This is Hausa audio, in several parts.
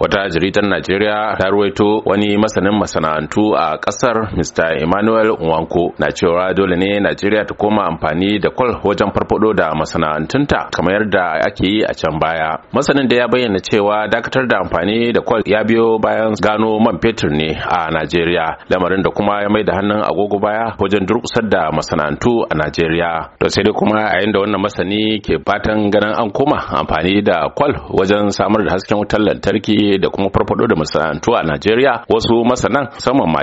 wata jaridar najeriya ta ruwaito wani masanin masana'antu a kasar mr emmanuel nwanko na cewa dole ne najeriya ta koma amfani da kwal wajen farfado da masana'antunta kamar yadda ake yi a can baya masanin da ya bayyana cewa dakatar da amfani da kwal ya biyo bayan gano man fetur ne a najeriya lamarin da kuma ya mai da hannun agogo baya wajen durkusar da masana'antu a najeriya to sai dai kuma a yayin da wannan masani ke fatan ganin an koma amfani da kwal wajen samar da hasken wutar lantarki da kuma farfado da masana'antu a Najeriya wasu masanan saman ma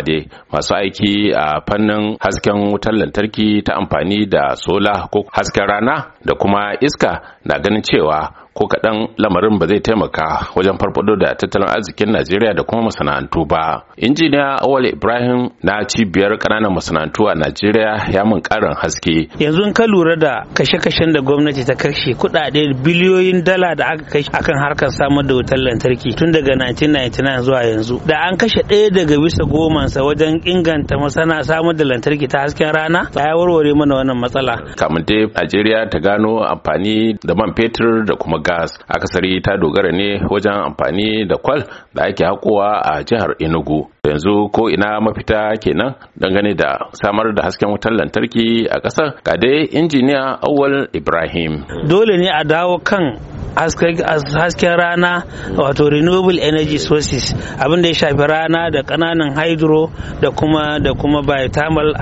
masu aiki a fannin hasken wutar lantarki ta amfani da sola ko hasken rana da kuma iska na ganin cewa ko kaɗan lamarin ba zai taimaka wajen farfado da tattalin arzikin najeriya da kuma masana'antu ba injiniya awal ibrahim na cibiyar ƙananan masana'antu a najeriya ya mun ƙarin haske yanzu in ka lura da kashe-kashen da gwamnati ta kashe kuɗaɗe biliyoyin dala da aka kashe akan harkar samar da wutar lantarki tun daga 1999 zuwa yanzu da an kashe ɗaya daga bisa gomansa wajen inganta masana samar da lantarki ta hasken rana ya warware mana wannan matsala kamun dai najeriya ta gano amfani da man fetur da kuma gas akasari ta dogara ne wajen amfani da kwal da ake hakowa a jihar enugu yanzu ko ina mafita kenan dangane da samar da hasken wutar lantarki a ƙasar ga dai injiniya awal ibrahim dole ne a dawo kan hasken rana wato renewable energy sources abin da ya shafi rana da kananan hydro da kuma da kuma biothermal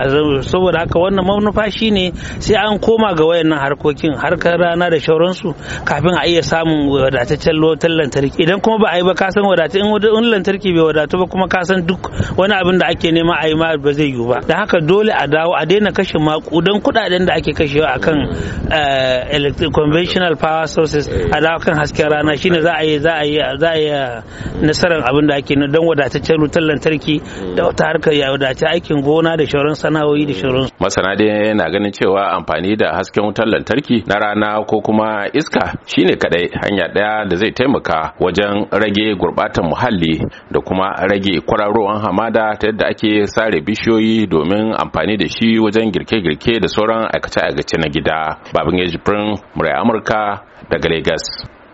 saboda haka wannan manufa shine sai an koma ga wayannan harkokin harkar rana da shauransu kafin a iya samun wadataccen lantarki idan kuma ba a yi ba ka san in lantarki bai wadatu ba kuma ka wani abin da ake nema a yi ma ba zai yiwu ba da haka dole a dawo a daina kashe makudan kudaden da ake kashewa akan eh, conventional power sources eh. a dawo kan hasken rana shine za a yi za a yi za a yi eh, nasarar abin da ake don wadataccen wutar lantarki da wata hmm. harkar ya wadace aikin gona da shauran sana'o'i da shauran masana dai na ganin cewa amfani da hasken wutar lantarki na rana ko kuma iska shine kadai hanya daya da zai taimaka wajen rage gurbatan muhalli da kuma rage kwararo ruwan hamada ta yadda ake sare bishiyoyi domin amfani da shi wajen girke-girke da sauran aikace-aikace na gida babin yajifirin murai amurka daga Legas.